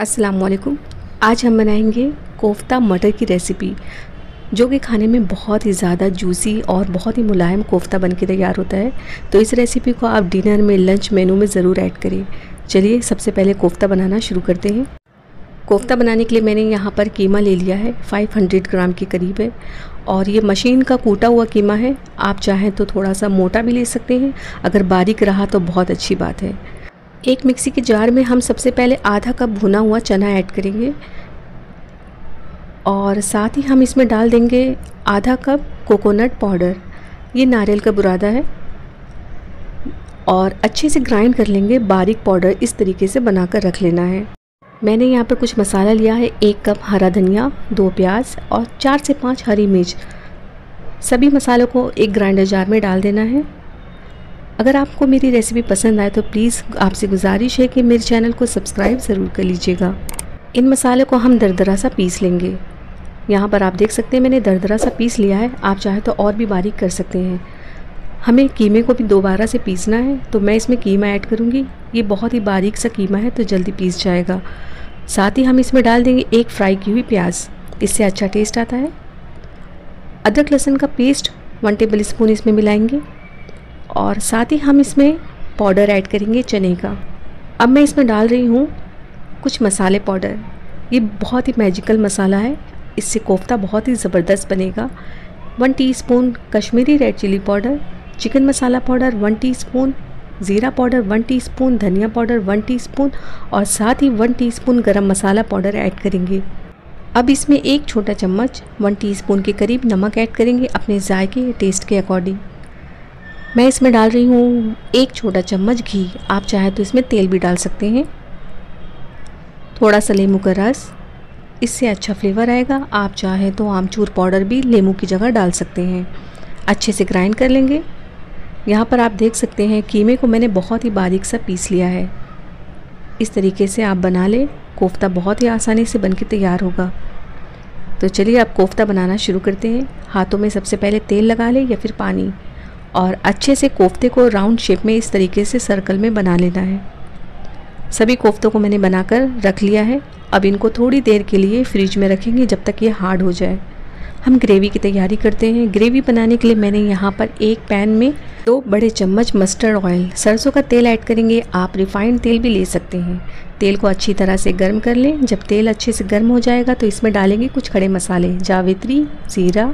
असलकुम आज हम बनाएंगे कोफ्ता मटर की रेसिपी जो कि खाने में बहुत ही ज़्यादा जूसी और बहुत ही मुलायम कोफ्ता बन के तैयार होता है तो इस रेसिपी को आप डिनर में लंच मेनू में ज़रूर ऐड करें चलिए सबसे पहले कोफ्ता बनाना शुरू करते हैं कोफ्ता बनाने के लिए मैंने यहाँ पर कीमा ले लिया है 500 ग्राम के करीब है और ये मशीन का कूटा हुआ कीमा है आप चाहें तो थोड़ा सा मोटा भी ले सकते हैं अगर बारीक रहा तो बहुत अच्छी बात है एक मिक्सी के जार में हम सबसे पहले आधा कप भुना हुआ चना ऐड करेंगे और साथ ही हम इसमें डाल देंगे आधा कप कोकोनट पाउडर ये नारियल का बुरादा है और अच्छे से ग्राइंड कर लेंगे बारीक पाउडर इस तरीके से बनाकर रख लेना है मैंने यहाँ पर कुछ मसाला लिया है एक कप हरा धनिया दो प्याज और चार से पाँच हरी मिर्च सभी मसालों को एक ग्राइंडर जार में डाल देना है अगर आपको मेरी रेसिपी पसंद आए तो प्लीज़ आपसे गुजारिश है कि मेरे चैनल को सब्सक्राइब ज़रूर कर लीजिएगा इन मसाले को हम दरदरा सा पीस लेंगे यहाँ पर आप देख सकते हैं मैंने दरदरा सा पीस लिया है आप चाहे तो और भी बारीक कर सकते हैं हमें कीमे को भी दोबारा से पीसना है तो मैं इसमें कीमा ऐड करूँगी ये बहुत ही बारीक सा कीमा है तो जल्दी पीस जाएगा साथ ही हम इसमें डाल देंगे एक फ्राई की हुई प्याज इससे अच्छा टेस्ट आता है अदरक लहसुन का पेस्ट वन टेबल स्पून इसमें मिलाएंगे और साथ ही हम इसमें पाउडर ऐड करेंगे चने का अब मैं इसमें डाल रही हूँ कुछ मसाले पाउडर ये बहुत ही मैजिकल मसाला है इससे कोफ्ता बहुत ही ज़बरदस्त बनेगा one teaspoon Kashmiri red chilli powder chicken masala powder one teaspoon ज़ीरा पाउडर वन टीस्पून धनिया पाउडर वन टीस्पून और साथ ही one teaspoon garam masala powder add करेंगे अब इसमें एक छोटा चम्मच वन टीस्पून के करीब नमक ऐड करेंगे अपने जायके या टेस्ट के अकॉर्डिंग मैं इसमें डाल रही हूँ एक छोटा चम्मच घी आप चाहे तो इसमें तेल भी डाल सकते हैं थोड़ा सा लेमू का रस इससे अच्छा फ्लेवर आएगा आप चाहे तो आमचूर पाउडर भी लेमू की जगह डाल सकते हैं अच्छे से ग्राइंड कर लेंगे यहाँ पर आप देख सकते हैं कीमे को मैंने बहुत ही बारीक सा पीस लिया है इस तरीके से आप बना लें कोफ्ता बहुत ही आसानी से बनके तैयार होगा तो चलिए आप कोफ्ता बनाना शुरू करते हैं हाथों में सबसे पहले तेल लगा लें या फिर पानी और अच्छे से कोफ्ते को राउंड शेप में इस तरीके से सर्कल में बना लेना है सभी कोफ्तों को मैंने बनाकर रख लिया है अब इनको थोड़ी देर के लिए फ्रिज में रखेंगे जब तक ये हार्ड हो जाए हम ग्रेवी की तैयारी करते हैं ग्रेवी बनाने के लिए मैंने यहाँ पर एक पैन में दो बड़े चम्मच मस्टर्ड ऑयल सरसों का तेल ऐड करेंगे आप रिफाइंड तेल भी ले सकते हैं तेल को अच्छी तरह से गर्म कर लें जब तेल अच्छे से गर्म हो जाएगा तो इसमें डालेंगे कुछ खड़े मसाले जावित्री ज़ीरा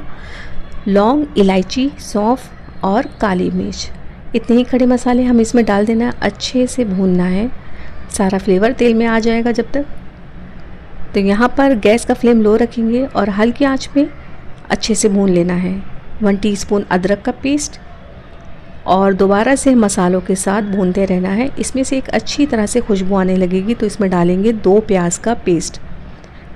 लौंग इलायची सौंफ और काली मिर्च इतने ही खड़े मसाले हम इसमें डाल देना है अच्छे से भूनना है सारा फ्लेवर तेल में आ जाएगा जब तक तो यहाँ पर गैस का फ्लेम लो रखेंगे और हल्की आंच पे अच्छे से भून लेना है वन टीस्पून अदरक का पेस्ट और दोबारा से मसालों के साथ भूनते रहना है इसमें से एक अच्छी तरह से खुशबू आने लगेगी तो इसमें डालेंगे दो प्याज का पेस्ट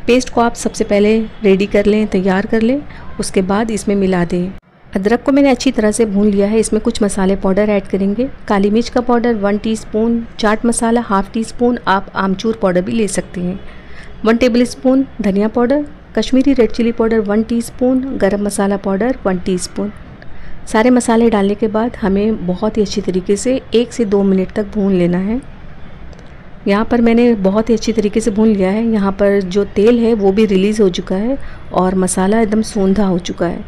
पेस्ट को आप सबसे पहले रेडी कर लें तैयार कर लें उसके बाद इसमें मिला दें अदरक को मैंने अच्छी तरह से भून लिया है इसमें कुछ मसाले पाउडर ऐड करेंगे काली मिर्च का powder one teaspoon chaat masala half teaspoon आप आमचूर पाउडर भी ले सकते हैं वन टेबल स्पून धनिया powder Kashmiri red chilli powder one teaspoon garam masala powder one teaspoon सारे मसाले डालने के बाद हमें बहुत ही अच्छी तरीके से एक से दो मिनट तक भून लेना है यहाँ पर मैंने बहुत ही अच्छी तरीके से भून लिया है यहाँ पर जो तेल है वो भी रिलीज़ हो चुका है और मसाला एकदम सोंधा हो चुका है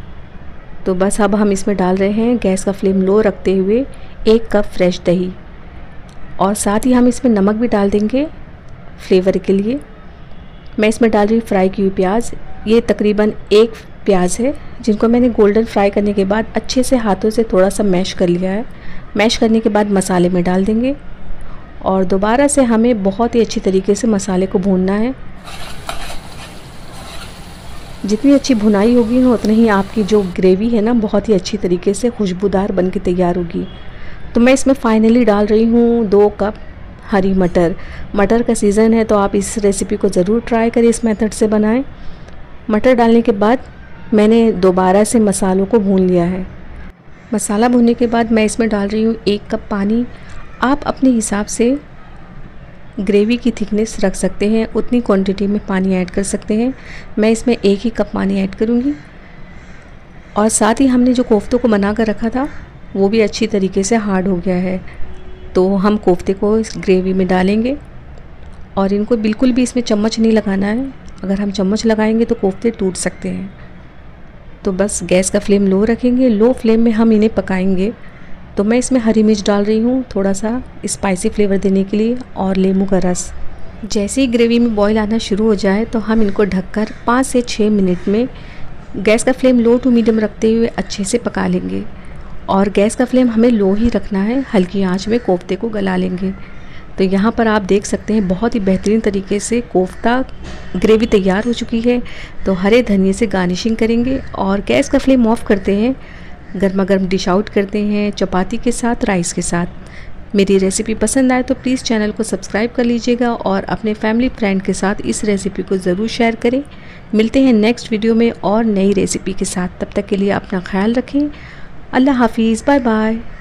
तो बस अब हम इसमें डाल रहे हैं गैस का फ्लेम लो रखते हुए एक कप फ्रेश दही और साथ ही हम इसमें नमक भी डाल देंगे फ्लेवर के लिए मैं इसमें डाल रही हूँ फ्राई की हुई प्याज ये तकरीबन एक प्याज है जिनको मैंने गोल्डन फ्राई करने के बाद अच्छे से हाथों से थोड़ा सा मैश कर लिया है मैश करने के बाद मसाले में डाल देंगे और दोबारा से हमें बहुत ही अच्छी तरीके से मसाले को भूनना है जितनी अच्छी भुनाई होगी ना उतनी ही आपकी जो ग्रेवी है ना बहुत ही अच्छी तरीके से खुशबूदार बन के तैयार होगी तो मैं इसमें फ़ाइनली डाल रही हूँ दो कप हरी मटर मटर का सीज़न है तो आप इस रेसिपी को ज़रूर ट्राई करें इस मेथड से बनाएं मटर डालने के बाद मैंने दोबारा से मसालों को भून लिया है मसाला भूनने के बाद मैं इसमें डाल रही हूँ एक कप पानी आप अपने हिसाब से ग्रेवी की थिकनेस रख सकते हैं उतनी क्वांटिटी में पानी ऐड कर सकते हैं मैं इसमें एक ही कप पानी ऐड करूँगी और साथ ही हमने जो कोफ्तों को बना कर रखा था वो भी अच्छी तरीके से हार्ड हो गया है तो हम कोफ्ते को इस ग्रेवी में डालेंगे और इनको बिल्कुल भी इसमें चम्मच नहीं लगाना है अगर हम चम्मच लगाएंगे तो कोफ्ते टूट सकते हैं तो बस गैस का फ्लेम लो रखेंगे लो फ्लेम में हम इन्हें पकाएंगे तो मैं इसमें हरी मिर्च डाल रही हूँ थोड़ा सा स्पाइसी फ्लेवर देने के लिए और लेमू का रस जैसे ही ग्रेवी में बॉईल आना शुरू हो जाए तो हम इनको ढककर पाँच से छः मिनट में गैस का फ्लेम लो टू मीडियम रखते हुए अच्छे से पका लेंगे और गैस का फ्लेम हमें लो ही रखना है हल्की आंच में कोफ्ते को गला लेंगे तो यहाँ पर आप देख सकते हैं बहुत ही बेहतरीन तरीके से कोफ्ता ग्रेवी तैयार हो चुकी है तो हरे धनिए से गार्निशिंग करेंगे और गैस का फ्लेम ऑफ करते हैं गर्मा गर्म डिश आउट करते हैं चपाती के साथ राइस के साथ मेरी रेसिपी पसंद आए तो प्लीज़ चैनल को सब्सक्राइब कर लीजिएगा और अपने फैमिली फ्रेंड के साथ इस रेसिपी को ज़रूर शेयर करें मिलते हैं नेक्स्ट वीडियो में और नई रेसिपी के साथ तब तक के लिए अपना ख्याल रखें अल्लाह हाफिज़ बाय बाय